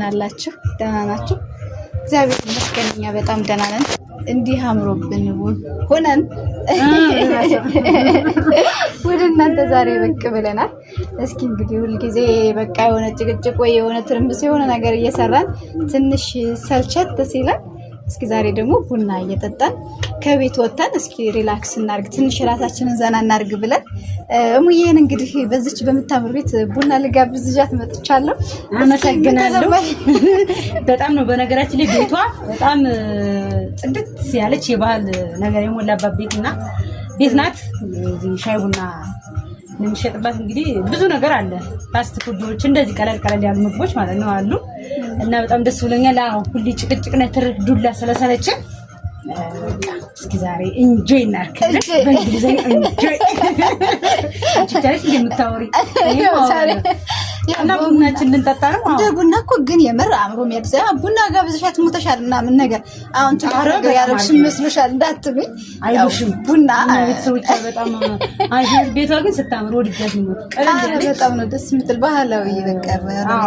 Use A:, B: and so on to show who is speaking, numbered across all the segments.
A: ናላችሁ ደህና ናችሁ? እግዚአብሔር ይመስገን እኛ በጣም ደህና ነን። እንዲህ አምሮብን ሆነን ወደ እናንተ ዛሬ ብቅ ብለናል። እስኪ እንግዲህ ሁልጊዜ በቃ የሆነ ጭቅጭቅ ወይ የሆነ ትርምስ የሆነ ነገር እየሰራን ትንሽ ሰልቸት ሲለን እስኪ ዛሬ ደግሞ ቡና እየጠጣን ከቤት ወጥተን እስኪ ሪላክስ እናርግ፣ ትንሽ ራሳችንን ዘና እናርግ ብለን እሙዬን እንግዲህ በዚች በምታምር ቤት ቡና ልጋብዝ ይዣት መጥቻለሁ። አመሰግናለሁ። በጣም ነው በነገራችን ላይ ቤቷ በጣም ጽድት ያለች የባህል ነገር የሞላባት ቤት እና ቤት ናት። ሻይ ቡና የምንሸጥበት እንግዲህ ብዙ ነገር አለ። ፋስት ፉዶች እንደዚህ ቀለል ቀለል ያሉ ምግቦች ማለት ነው አሉ እና በጣም ደስ ብሎኛል። አሁን ሁሌ ጭቅጭቅ ነትር ዱላ ስለሰለች እስኪ ዛሬ እንጆይ እናርክልን። በእንግሊዝኛ እንጆይ ቻለች እንደምታወሪ እና ቡናችን ልንጠጣ ነው።
B: እንደ ቡና እኮ ግን የምር አእምሮ የሚያድስ ቡና ጋብዘሻት ሞተሻል ምናምን ነገር አሁን ትጋረ ያረግሽ መስሎሻል እንዳትሉኝ።
A: አይሽም ቡና ቤተሰቦች በጣም ቤቷ ግን ስታምር ወድጃት
B: በጣም ነው ደስ የምትል ባህላዊ በቀር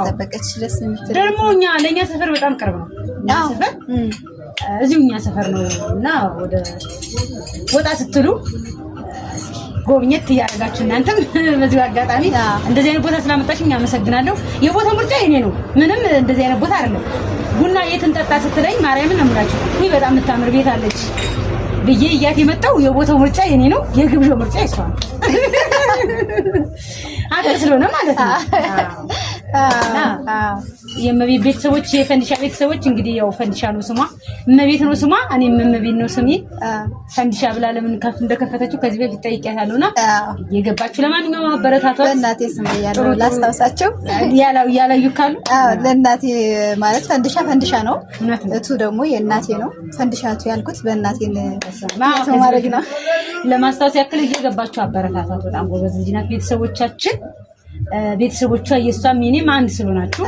B: ጠበቀች ደስ የምትል
A: ደግሞ እኛ ለእኛ ሰፈር በጣም ቅርብ ነው ሰፈር እዚሁ እኛ ሰፈር ነው እና ወደ ወጣ ስትሉ ጎብኘት እያደረጋችሁ እናንተም በዚሁ አጋጣሚ እንደዚህ አይነት ቦታ ስላመጣሽ አመሰግናለሁ። የቦታ ምርጫ የኔ ነው። ምንም እንደዚህ አይነት ቦታ አይደለም። ቡና የት እንጠጣ ስትለኝ ማርያምን አምላችሁ ይህ በጣም የምታምር ቤት አለች ብዬ እያት የመጣው የቦታው ምርጫ የኔ ነው። የግብዣው ምርጫ የሷ አገር ስለሆነ ማለት ነው። የእመቤት ቤተሰቦች የፈንዲሻ ቤተሰቦች እንግዲህ ያው ፈንዲሻ ነው ስሟ፣ እመቤት ነው ስሟ፣ እኔም እመቤት ነው ስሜ። ፈንዲሻ ብላ ለምን ከፍ እንደከፈተችው ከዚህ በፊት ጠይቄያታለሁ እና የገባችሁ ለማንኛውም አበረታቷት።
B: እናቴ ስም ያለው ላስታውሳቸው
A: ያላው ያላዩ ካሉ
B: ለእናቴ ማለት ፈንዲሻ ፈንዲሻ ነው፣ እቱ ደግሞ የእናቴ ነው። ፈንዲሻቱ ያልኩት በእናቴ
A: ማድረግ ነው። ለማስታወስ ያክል እየገባችሁ አበረታቷት። በጣም ጎበዝ ልጅ ናት። ቤተሰቦቻችን ቤተሰቦቿ እየሷም የኔም አንድ ስለሆናችሁ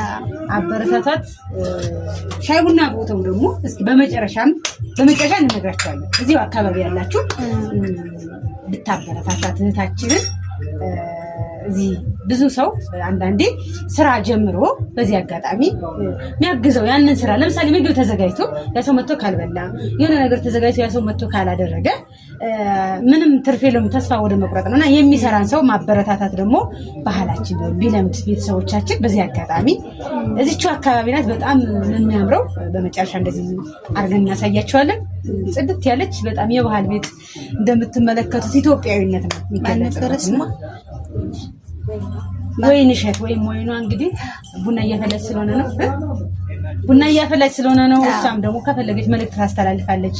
A: አበረታታት። ሻይ ቡና ቦታው ደግሞ እስኪ በመጨረሻም በመጨረሻ እንነግራቸዋለን። እዚሁ አካባቢ ያላችሁ ብታበረታታት እህታችንን እዚህ ብዙ ሰው አንዳንዴ ስራ ጀምሮ በዚህ አጋጣሚ የሚያግዘው ያንን ስራ ለምሳሌ ምግብ ተዘጋጅቶ ያሰው መጥቶ ካልበላ የሆነ ነገር ተዘጋጅቶ ያሰው መጥቶ ካላደረገ ምንም ትርፍ የለውም፣ ተስፋ ወደ መቁረጥ ነው እና የሚሰራን ሰው ማበረታታት ደግሞ ባህላችን ቢለምድ ቤተሰቦቻችን። በዚህ አጋጣሚ እዚቹ አካባቢ ናት በጣም የሚያምረው። በመጨረሻ እንደዚህ አድርገን እናሳያቸዋለን። ጽድት ያለች በጣም የባህል ቤት እንደምትመለከቱት ኢትዮጵያዊነት ነው የሚገለጽ ወይን እሸት ወይም ወይኗ እንግዲህ ቡና እያፈለች ስለሆነ ነው። ቡና እያፈላች ስለሆነ ነው። እሷም ደግሞ ከፈለገች መልእክት ታስተላልፋለች።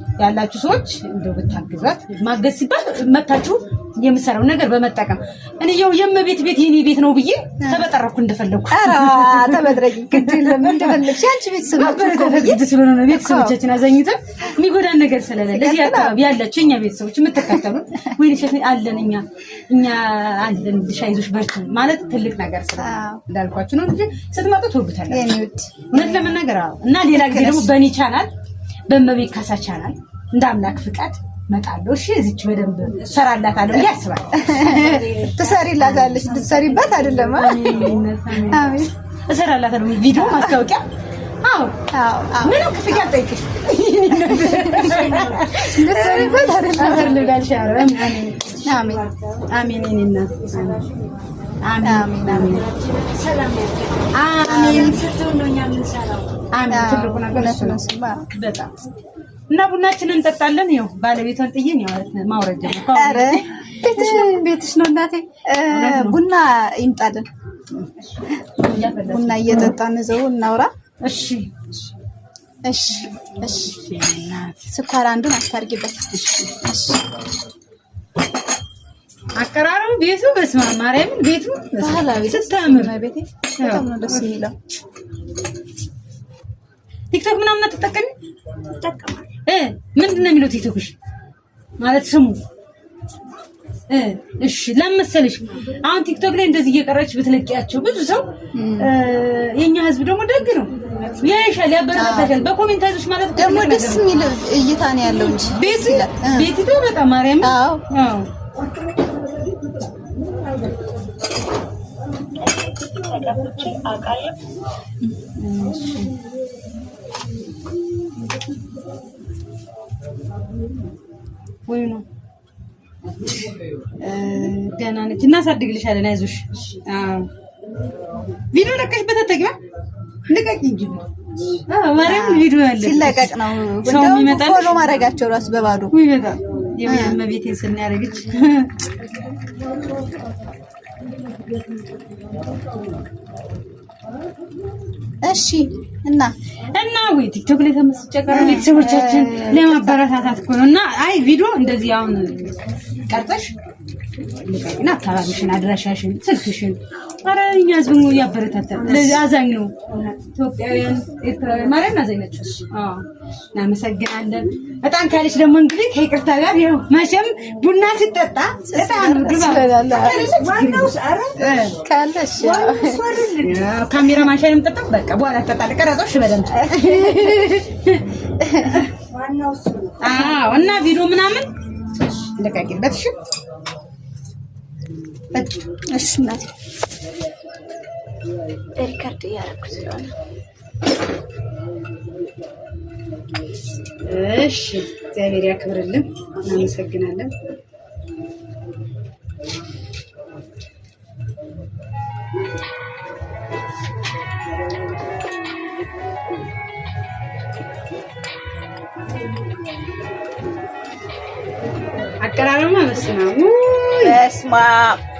A: ያላችሁ ሰዎች እንደው ብታግዟት። ማገዝ ሲባል መታችሁ የምሰራው ነገር በመጠቀም እኔ ያው የመቤት ቤት የኔ ቤት ነው ብዬ ተበጠረኩ እንደፈለኩ።
B: ኧረ ተበጥረቂ ግድ የለም እንደፈለግሽ ቤት
A: ስለሆነ ነው ቤተሰቦቻችን አዘኝተን የሚጎዳን ነገር ስለሌለ እዚህ አካባቢ ያላችሁ እኛ ቤተሰቦች የምትከተሉ ወይ ሸት አለን እኛ እኛ አለን ብሻ ይዞሽ በርቱ ማለት ትልቅ ነገር ስለ እንዳልኳችሁ ነው እንጂ ስትመጡ ትወዱታላችሁ እውነት ለመናገር እና ሌላ ጊዜ ደግሞ በእኔ ቻናል በመቤት ካሳ ቻናል እንደ አምላክ ፍቃድ እመጣለሁ። እሺ፣ እዚች በደንብ እሰራላታለሁ ብዬ አስባለሁ።
B: ትሰሪላታለሽ። እንድትሰሪበት አይደለም።
A: አሜን። እሰራላታለሁ። ቪዲዮ ማስታወቂያ ምንም ክፍያ አልጠይቅሽም።
B: አይደለም። አሜን አሜን። አሜን አሜን። ትልቁ ነገር እሱ ነው።
A: በጣም እና ቡናችንን እንጠጣለን። ያው ባለቤቷን ጥዬን ማውረድ ነው። ኧረ
B: ቤትሽ ነው ቤትሽ ነው እናቴ፣ ቡና ይምጣልን። ቡና እየጠጣን ዘው እናውራ። እሺ እሺ እሺ። ስኳር አንዱን አታርጊበት። እሺ
A: አቀራረቡ ቤቱ በስመ አብ ማርያምን፣ ቤቱ ባህላዊ ስታምር፣ ቤቴ በጣም ነው ደስ የሚለው። ቲክቶክ ምናምን አትጠቀሚም? ምንድን ነው የሚለው ቲክቶክሽ? ማለት ስሙ እሺ፣ ለመሰለሽ አሁን ቲክቶክ ላይ እንደዚህ እየቀረች ብትለቂያቸው ብዙ ሰው የኛ ህዝብ ደግሞ ደግ ነው ያይሻል፣ ያበረታታሻል። በኮሜንት አይዞሽ ማለት
B: ደግሞ ደስ የሚል እይታ ነው ያለው እንጂ
A: ቤት ቤት ይቶ በጣም ማርያም። አዎ አዎ ወይ ነው ገና ነች። እናሳድግልሻለን፣ አይዞሽ። ቪዲዮ ለቀሽበት አትተጊም። ልቀቅ እንጂ
B: ማርያም፣ ቪዲዮ ያለ ሲለቀቅ ነው ሰው የሚመጣል። ፎሎ ማድረጋቸው ራሱ በባዶ
A: ይመጣል። የእመቤቴን ስናያደርግች እሺ እና እና ወይ ቲክቶክ ላይ ተመስጬ ቤተሰቦቻችን ለማበረታታት እኮ ነው እና አይ ቪዲዮ እንደዚህ አሁን ቀርጠሽ ልቀቅና አካባቢሽን፣ አድራሻሽን፣ ስልክሽን። አረ እኛ ህዝብ እያበረታታ አዛኝ ነው። ኢትዮጵያውያን ኤርትራውያን ማርያም አዛኝ ናቸው። እናመሰግናለን። በጣም ካለች ደግሞ እንግዲህ ከይቅርታ ጋር ይኸው መቼም ቡና ሲጠጣ ካሜራ ማንሻ የምጠጣው በቃ በኋላ ትጠጣለህ። ቀረጾሽ በደምብ እና ቪዲዮ ምናምን ልቀቂበት እሺ። እሺ እናቴ ሪከርድ እያደረኩ ስለሆነ እሺ፣ እግዚአብሔር ያክብርልን። እናመሰግናለን። አቀራረማ መስና ስማ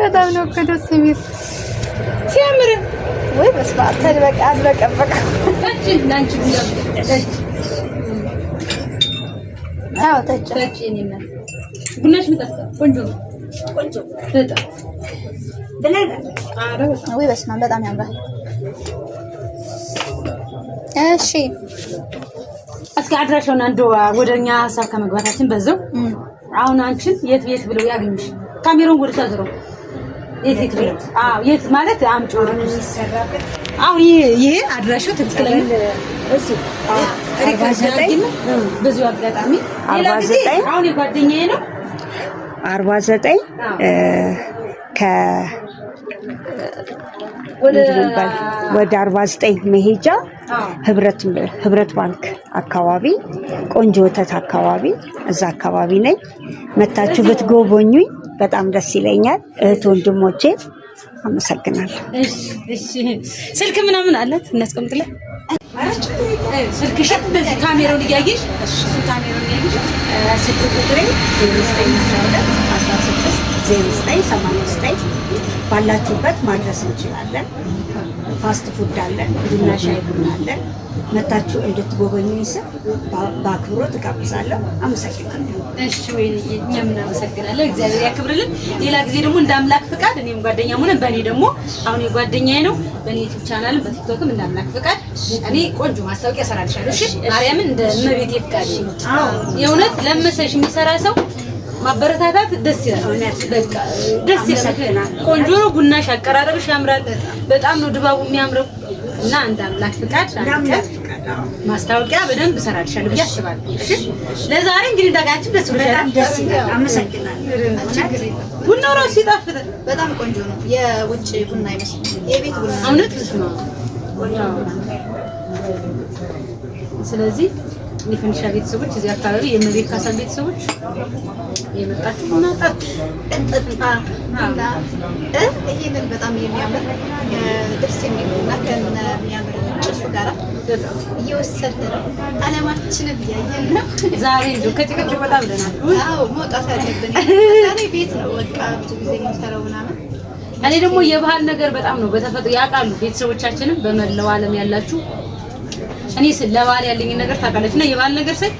A: በጣም ነው እኮ ደስ የሚል ሲያምር።
B: ወይ በስመ አብ ተልበቃ አልበቀበቀ አዎ ተች
A: ተች ቡናሽ ምጣ ቆንጆ
B: ቆንጆ በጣም ወይ በስመ አብ በጣም ያምራል። እሺ
A: እስኪ አድራሻውን አንዱ ወደኛ ሀሳብ ከመግባታችን በዛው አሁን አንቺን የት የት ብለው ያገኙሽ? ካሜሮን ወደ ሰዝሮ የት የት ብለው? አዎ የት ማለት አምጪ ወደ አሁን ይሄ ይሄ አድራሻው ትክክለኛ አጋጣሚ ሌላ ጊዜ አሁን የጓደኛዬ ነው
B: 49 ከ ወደ አርባ ዘጠኝ መሄጃ ህብረት ባንክ አካባቢ ቆንጆ ወተት አካባቢ እዛ አካባቢ ነኝ። መታችሁ ብትጎበኙኝ በጣም ደስ ይለኛል እህት ወንድሞቼ። አመሰግናለሁ።
A: ስልክ ምናምን አለት እናስቀምጥለን። ስልክሽን በዚህ ካሜራውን እያየሽ ካሜራውን እያየሽ ስልክ ቁጥሬ 0914 16 0989 ባላችሁበት ማድረስ እንችላለን። ፋስት ፉድ አለን፣ ቡና ሻይ ቡና አለን። መታችሁ እንድትጎበኙ ስል በአክብሮ እጋብዛለሁ። አመሰግናለሁ። እሺ ወይ እኛም እናመሰግናለሁ። እግዚአብሔር ያክብርልን። ሌላ ጊዜ ደግሞ እንደ አምላክ ፍቃድ እኔም ጓደኛ ሆነ በእኔ ደግሞ አሁን የጓደኛዬ ነው በእኔ ዩቲዩብ ቻናልም በቲክቶክም እንደ አምላክ ፍቃድ እኔ ቆንጆ ማስታወቂያ እሰራልሻለሁ። እሺ ማርያምን እንደ እመቤቴ ፍቃድ የእውነት ለመሰሽ የሚሰራ ሰው ማበረታታት ደስ ይላል። በቃ ደስ ይላል። ቆንጆ ነው ቡናሽ፣ አቀራረብሽ ያምራል። በጣም ነው ድባቡ የሚያምረው እና እንደ አምላክ ፍቃድ ማስታወቂያ በደንብ እሰራልሻለሁ ብዬ አስባለሁ። እሺ ለዛሬ እንግዲህ እንዳጋችሁ ደስ
B: ብሎሻል። አመሰግናለሁ።
A: ቡናው ራሱ ሲጣፍጥ
B: በጣም ቆንጆ ነው። የውጭ ቡና ይመስላል የቤት ቡና
A: እውነት። ስለዚህ የፈንሻ ቤተሰቦች እዚህ አካባቢ የመቤት ካሳ ቤተሰቦች የመጣችሁ
B: እና ይህንን በጣም የሚያምር ደስ ከሚያምር ጭሱ ጋራ ነው። አለማችንን እያየን ነው።
A: ዛሬ እንደው ከጭቅጭቅ በጣም ደህና
B: መውጣት ያለብን ዛሬ ቤት ነው። በቃ ብዙ ጊዜ የሚሰራው ምናምን
A: እኔ ደግሞ የባህል ነገር በጣም ነው በተፈጥሮ ያውቃሉ ቤተሰቦቻችንም በመላው ዓለም ያላችሁ እኔ ለባል ያለኝ ነገር ታውቃለች እና የባል ነገር ሳይ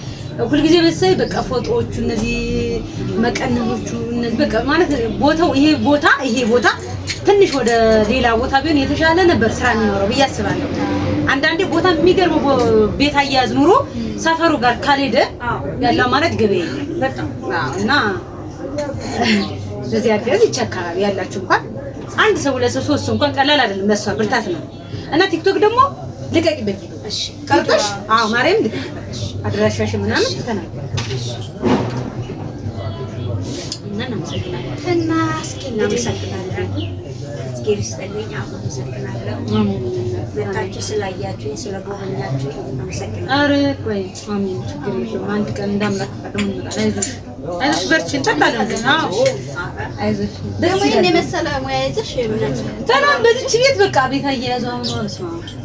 A: ሁልጊዜ በሳይ በቃ ፎቶዎቹ እነዚህ መቀነቶቹ እነዚህ በቃ ማለት ቦታው ይሄ ቦታ ይሄ ቦታ ትንሽ ወደ ሌላ ቦታ ቢሆን የተሻለ ነበር ስራ የሚኖረው ብዬ አስባለሁ። አንዳንዴ ቦታ የሚገርመው ቤት አያያዝ ኑሮ ሰፈሩ ጋር ካልሄደ ያለው ማለት ገበያ በጣም እና በዚህ አገዝ ይቸካል ያላችሁ እንኳን አንድ ሰው ለሰው ሶስት እንኳን ቀላል አይደለም። ለሷ ብርታት ነው እና ቲክቶክ ደግሞ ልቀቂበት ቀርጠሽ አዎ፣ ማርያም ልክ አድራሻሽ ምናምን ተናገር እና እስኪ እናመሰግናለን። አይዞሽ፣ በርቺ እንጠጣለን። አዎ
B: አይዞሽ፣ ደስ ይላል። የመሰለ ሙያ ይዘሽ
A: በዚች ቤት በቃ ቤት አያያዘው አሁን ነው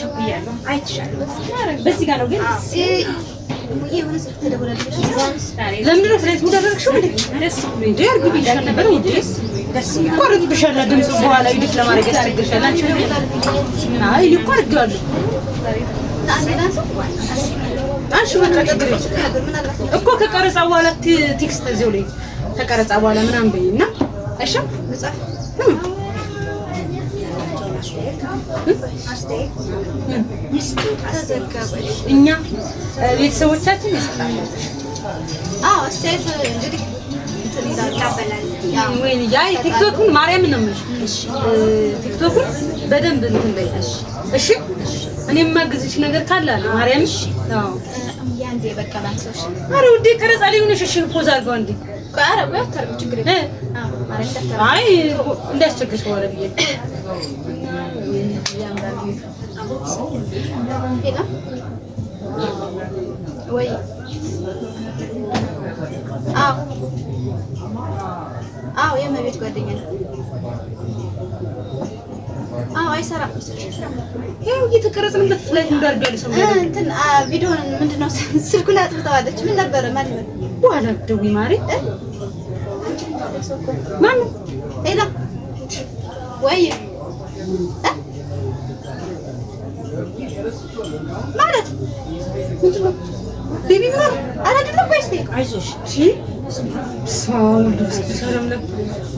A: ቸኩያለሁ። አይቻለሁ። በዚህ ጋር ነው ግን ለምንድን ነው ስለዚህ የምደረግሽው? እንደ በኋላ ይልቅ ለማድረግ ያስቸግርሻል። አንቺ አይ አንቺ በቃ ችግር እኮ ከቀረጻ በኋላ ቴክስት እዚሁ ላይ ከቀረጻ በኋላ ምናምን በይና አይሻልም? እኛ ቤተሰቦቻችን ይሰጣሉ። ማርያም ነው የምልሽ፣ ቲክቶክን በደንብ እንትን በይተሽ እሺ። እኔ የማግዝሽ ነገር ካለ አለ ማርያም። እሺ፣ ኧረ ውዴ ቀረጻ ላይ ሆነሽ እሺ፣ ፖዝ አድርገው እንደ አይ እንዳስቸግርሽ ወረ ብዬሽ
B: ወይ አዎ የመቤት ጓደኛ ነው። አዎ አይሰራም።
A: ይኸው እየተቀረጽ ነው።
B: እንትን ቪዲዮውን ምንድን ነው ስልኩን አጥብተዋለች። ምን ነበረ
A: በኋላ ደውይ ማሪ ማነው?
B: ሄላ ወይ ማለት ቤቢ ምር አላደለም። ቆይ
A: አይዞሽ።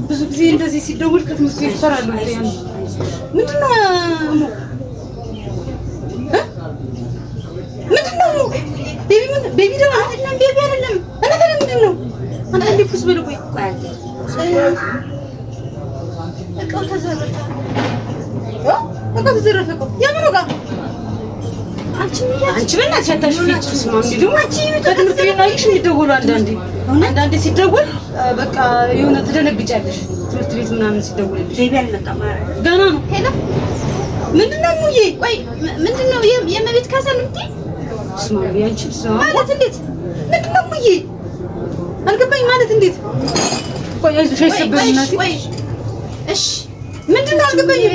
A: ብዙ ጊዜ እንደዚህ ሲደውል ከትምህርት ቤት ይሰራሉ። ምንድን ነው ምንድን ነው ቤቢ ደግሞ አይደለም፣ ቤቢ አይደለም። እናትህ ምንድን ነው አንዳንዴ ኩስ በለው። ቆይ እቃው ተዘረፈ። እቃው ተዘረፈ። እቃው የምኑ እቃ አንቺ በእናትሽ አታሽፊ። ስማ እንዲሁ ከትምህርት ቤት አይሽ የሚደወሉ አንዳንዴ አንዳንዴ ሲደወል በቃ የሆነ ትደነግጫለሽ። ትምህርት ቤት ምናምን ሲደወልልሽ ገና ነው። ምንድን ነው ሙዬ?
B: ቆይ ምንድን ነው የመቤት ካሳ ነው የምትይኝ?
A: አንቺ
B: ማለት እንዴት? ምንድን ነው ሙዬ? አልገባኝም። ማለት እንዴት?
A: ቆይ አይዞሽ አይሰበርም እናቴ።
B: እሺ ምንድን ነው አልገባኝም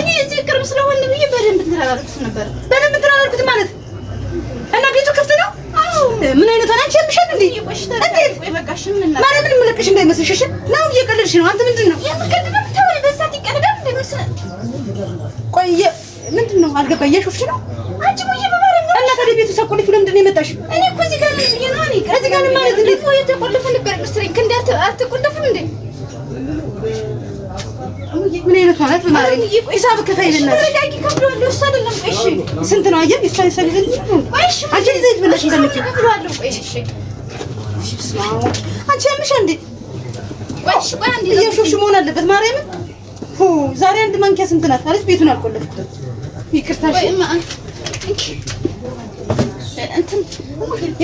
B: እኔ እዚህ ቅርብ ስለሆነ ብዬ በደንብ እንትን አላልኩት ነበር።
A: በደንብ እንትን አላልኩት ማለት እና ቤቱ ክፍት ነው። ምን አይነት ሆነ? አንቺ ልብሽን እንዴ! እንዴት ማለት ምን ምልክሽ እንዳይመስልሽ እሺ። ነው እየቀለድሽ ነው። አንተ ምንድን ነው ቆየ? ምንድን ነው አልገባ። እያሾፍሽ ነው አንቺ ቆየ። እና ታዲያ ቤቱ ሳቆልፊ ለምንድን ነው የመጣሽ? እኔ እኮ እዚህ ጋር ነው ማለት እንዴት?
B: ወይ ተቆልፈ ነበር መሰለኝ። ክንድ አትቆልፍም እንዴ?
A: ምን አይነት ማለት ማለት ሂሳብ ስንት ነው? አየህ ይሳ ይሳ አንቺ ዘይት ብለሽ አንቺ ያምሽ እንዴ? እየሾሽ መሆን አለበት። ማርያምን ዛሬ አንድ ማንኪያ ስንት ናት አለች። ቤቱን አልቆለፍኩትም። ይቅርታ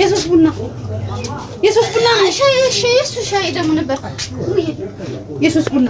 A: የሶስት ቡና የሶስት ቡና የሶስት ቡና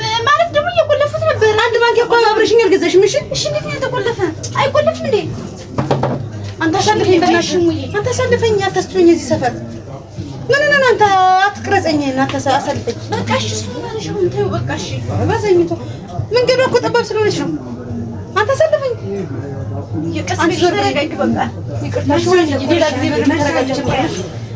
A: ነበር። አንድ ባንክ እኮ አብረሽኝ አልገዛሽም። እሺ፣
B: እሺ። እንዴት ነው የተቆለፈ? አይቆለፍም እንዴ?
A: አንተ አሳልፈኝ፣ በእናትሽ አንተ አሳልፈኝ። አታስጮኝ እዚህ ሰፈር ምን ነው አንተ አትቅረጸኝ። እናንተ አሳልፈኝ።
B: በቃ እሺ፣ እሱ ማለት ነው። ተይው በቃ እሺ።
A: ባዘኝ እኮ መንገዱ እኮ ጠባብ ስለሆነች ነው። አንተ አሳልፈኝ። ይቅርታ፣ ሌላ ጊዜ በደንብ ተረጋግቼ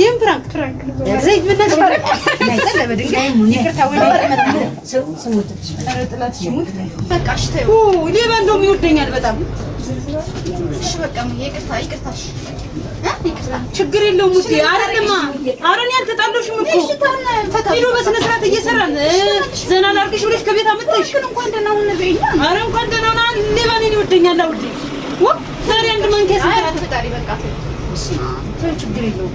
A: ይህም ፕራንክ ፕራንክ ነው። ዘይት ምን ሌባ እንደውም ይወደኛል በጣም። ችግር የለውም ውዴ። አይደለማ አረን ያልተጣለሽም እኮ ሄዶ በስነ ስርዓት እየሰራን ዘና ላድርግሽ ብለሽ ከቤት አመጣሽ።
B: እንኳን ኧረ
A: እንኳን ደህና ሆነ። ሌባ እኔን ይወደኛል ውዴ። ዛሬ አንድ ማንኪያ ችግር የለውም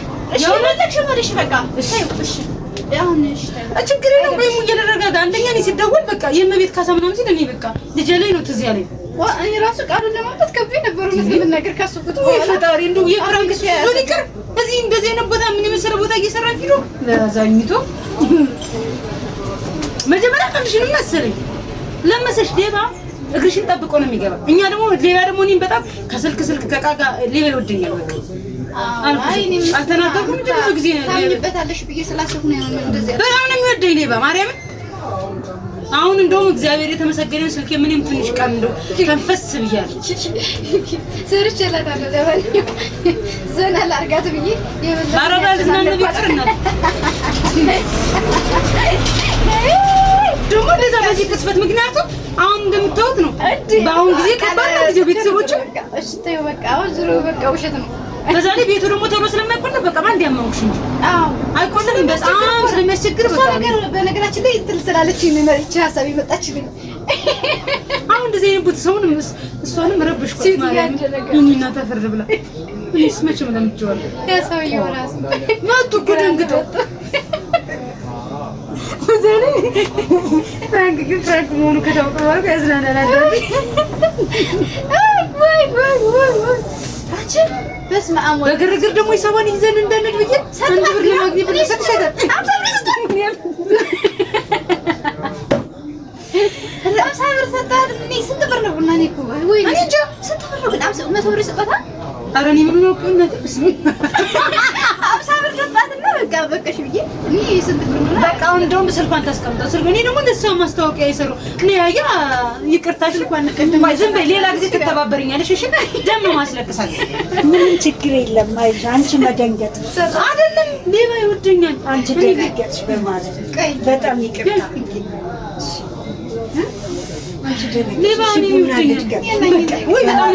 B: እሺ በቃ
A: ችግር የለውም። ወይም እየተረጋጋ አንደኛ እኔ ሲደወል በቃ የእመቤት ካሳ ምናምን ሲል እኔ በቃ ልጄ ላይ ነው ትዝ ያለኝ።
B: እራሱ ቃሉን ለማምጣት ከብዶኝ ነበር ነገር
A: ፈጣሪ እንደው የፕራንክ ዞን ይቅር። እዚህ እንደዚህ አይነት ቦታ ምን የመሰለ ቦታ እየሰራች ሂዶ ለዛኝቶ መጀመሪያ ቅልሽንም መሰለኝ ለመሰልሽ ሌባ እግርሽን ጠብቆ ነው የሚገባ። እኛ ደግሞ ሌባ ደግሞ እኔም በጣም ከስልክ ስልክ ከቃጋ ሌባ ይወደኛል በቃ አልተናገርኩም። ብዙ
B: ጊዜ ታኝበታለሽ ብዬ ስላሰብኩ ነው
A: እንደዚህ በጣም ነው የሚወደኝ ሌባ ማርያም አሁን እንደውም እግዚአብሔር የተመሰገነ ስልኬ ምንም ትንሽ ቀን እንደው ተንፈስ ብያለሁ።
B: ሰርቼላታለሁ ለማንኛውም ዘና ላድርጋት ብዬ
A: ደግሞ እንደዛ በዚህ ቅስፈት ምክንያቱም አሁን እንደምታወት ነው። በአሁን ጊዜ ከባድ ነው ጊዜ ቤተሰቦች።
B: በቃ አሁን ዙሮ በቃ ውሸት ነው
A: በዛ ላይ ቤቱ ደግሞ ቶሎ ስለማይቆለፍ በቃ ማንድ ያመንኩሽ እንጂ አይቆለፍም። በጣም ስለሚያስቸግር
B: በነገራችን ላይ እንትን ስላለች ይቺ ሀሳብ የመጣችልኝ
A: አሁን እንደዚህ አይነት ሰውን እሷንም ረብሽኳት ይኒና ተፈር ብላ እኔስ መቼ ምናምችዋለ መጡ እኮ ደንግጠው ፍራንክ ግን ፍራንክ መሆኑ ከታወቀ ያዝናናል።
B: አንቺ በስመ አብ
A: በግርግር ደግሞ ይሰባን ይዘን እንዳንል ብዬ አንድ ብር ለማግኘት ብለሰጥ ሸጠን ስንት
B: ብር ነው ቡና? እኔ እኮ ወይ እኔ እንጃ ስንት ብር ነው? በጣም መቶ ብር ይሰጣታል።
A: ኧረ እኔ ምን ነው በቃ አሁን እንደውም ስልኳን ታስቀምጠው። ስልኩ እኔ ደግሞ ማስታወቂያ የሰሩ እኔ ይቅርታ፣ ስልኳን ዝም በይ፣ ሌላ ጊዜ ትተባበርኛለሽ። እሺ ደም ማስለቅሳል።
B: ምንም ችግር የለም። አይዞሽ፣ አንቺ መደንገጥ
A: አይደለም ሌባ ይወደኛል።
B: አንቺ ደንገጥሽ በማለት በጣም ይቅርታ።
A: ሌባ በጣም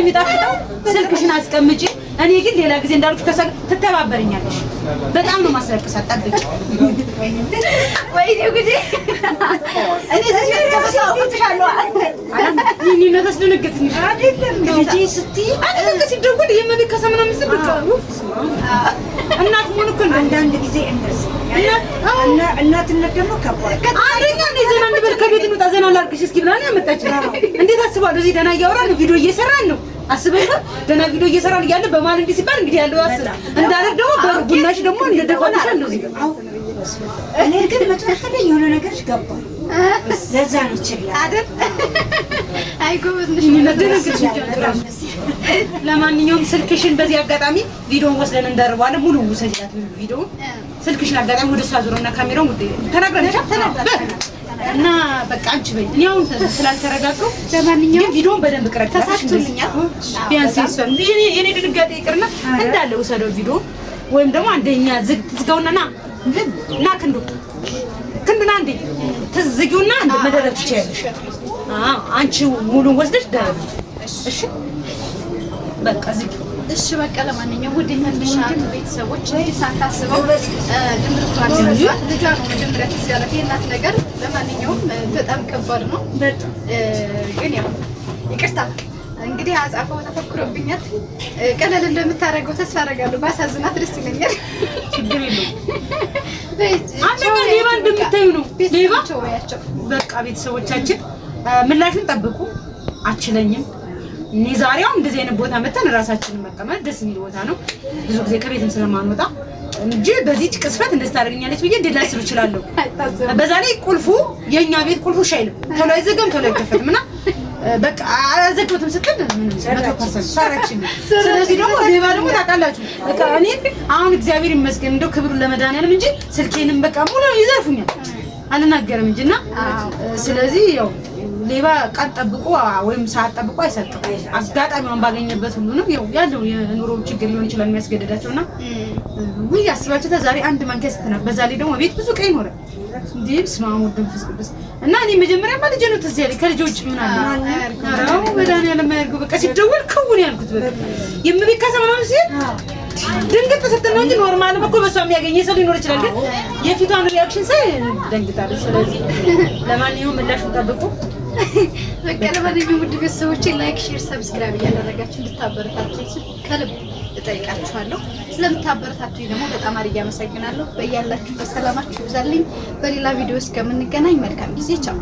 A: የሚጣፍጠው ስልክሽን አስቀምጪ እኔ ግን ሌላ ጊዜ እንዳልኩሽ ከሰግ ትተባበርኛለሽ። በጣም ነው ማስለቅሳት። ጠብቂ።
B: ወይኔ ጉዴ! እኔ ዘሽ
A: ተፈሳው ትሻለዋ ይሄን ነው ተስደነገጥ ነው አይደለም ልጄ ስትይ አይደለም ሲደውል የመለከሰ ምናምን እናት ምን እኮ ነው።
B: አንዳንድ ጊዜ እንደዚህ እናትነት ደግሞ ከባድ
A: አንደኛ እኔ ዘና እንበል ከቤት እንውጣ ዘና ላድርግሽ እስኪ ብላ ነው ያመጣችኝ። እንዴት አስባለሁ። እዚህ ደህና እያወራን ነው ቪዲዮ እየሰራን ነው አስበህ ደህና ቪዲዮ እየሰራን እያለ በማል እንዲህ ሲባል እንግዲህ ያለው አስራ እንዳለ ደግሞ በቡናሽ ደግሞ እንደደፋሽ እንደዚህ
B: እኔ ግን መጨረሻ ላይ የሆነ ነገር ገባ ለዛ ነው ችላ አይደል? አይ ጎበዝ ነሽ።
A: ለማንኛውም ስልክሽን በዚህ አጋጣሚ ቪዲዮን ወስደን እንደርባለን። ሙሉ ውሰጃት ቪዲዮ ስልክሽን አጋጣሚ ወደ እሷ ዞሮና ካሜራውን ጉዳይ ተናግረንሻል እና በቃ አንቺ በይ። እኔ አሁን ስላልተረጋጋሁ ለማንኛውም ቪዲዮውን በደንብ ቅረጭ። ተሳክቶልኛል። ቢያንስ እሷን የእኔ ድንጋጤ ይቅርና እንዳለ ውሰደው ቪዲዮ ወይም ደግሞ አንደኛ ዝግ ትዝጋውና ና ና ክንዱ ግን አንዴ ትዝጊውና አንድ መደረት ትችያለሽ። አዎ አንቺ ሙሉን ወስደሽ ደረብ። እሺ በቃ ዝጊ።
B: እሺ በቃ ለማንኛውም ውድ የፈንድሻቱ ቤተሰቦች ሳታስበው ድምርቷን ይረዟል። ልጇ ነው መጀመሪያ ትዝ ያላት የእናት ነገር። ለማንኛውም በጣም ከባድ ነው። ግን ያው ይቅርታ እንግዲህ አጻፈው ተፈክሮብኛል። ቀለል እንደምታደርገው ተስፋ አደርጋለሁ። ባሳዝናት ደስ ይለኛል። ችግር
A: ሌባ እንደምታዩ ነው። ሌባ በቃ ቤተሰቦቻችን ምላሹን ጠብቁ። አችለኝም እኔ ዛሬው እንደዚህ አይነት ቦታ መተን እራሳችንን መቀመጥ ደስ የሚል ቦታ ነው። ብዙ ጊዜ ከቤትም ስለማንወጣ እንጂ በዚህች ቅስፈት እንደዚህ ታደርገኛለች ብዬ እንዴት ላስብ እችላለሁ? በዛ ላይ ቁልፉ የእኛ ቤት ቁልፉ ሻይ ነው። ቶሎ አይዘጋም፣ ቶሎ አይከፈትም እና በቃ አላዘግበትም ስትል ስለዚህ ደግሞ ሌባ ደግሞ ታውቃላችሁ በቃ እኔ አሁን እግዚአብሔር ይመስገን እንደው ክብሩን ለመድኃኒዓለም እንጂ ስልኬንም በቃ ሙሉ ይዘርፉኛል አልናገርም እንጂ እና ስለዚህ ያው ሌባ ቀን ጠብቆ ወይም ሰዓት ጠብቆ አይሰጥም። አጋጣሚውን ባገኘበት ሁሉ ነው ያለው የኑሮ ችግር ሊሆን ይችላል የሚያስገድዳቸውና ውይ አስባችሁታ ዛሬ አንድ ማንኪያ ስትናል በዛ ላይ ደግሞ ቤት ብዙ ቀይ ይኖራል እና እኔ መጀመሪያማ ልጄ ነው ትዝ ያለኝ። ከልጆች ውጭ ምን አለ? አዎ መድኃኒዓለም አያድርገው። በቃ ሲደወል ከውን ያልኩት በቃ የምቤት ከዛ ነው ሲል ድንግጥ ተሰጠ ነው እንጂ ኖርማል እኮ በሷ የሚያገኘ ሰው ሊኖር ይችላል። ግን የፊቷን ሪያክሽን ሳይ ደንግጣለች። ስለዚህ ለማንኛውም ምላሽ ጠብቁ።
B: በቃ ለማንኛውም ውድ ቤተሰቦቼ ላይክ፣ ሼር፣ ሰብስክራይብ እያደረጋችሁ እንድታበረታችሁ ከልብ እጠይቃችኋለሁ። ስለምታበረታቱኝ ደግሞ በጣም አድርጌ አመሰግናለሁ። በያላችሁ በሰላማችሁ ይብዛልኝ። በሌላ ቪዲዮ እስከምንገናኝ መልካም ጊዜ። ቻው።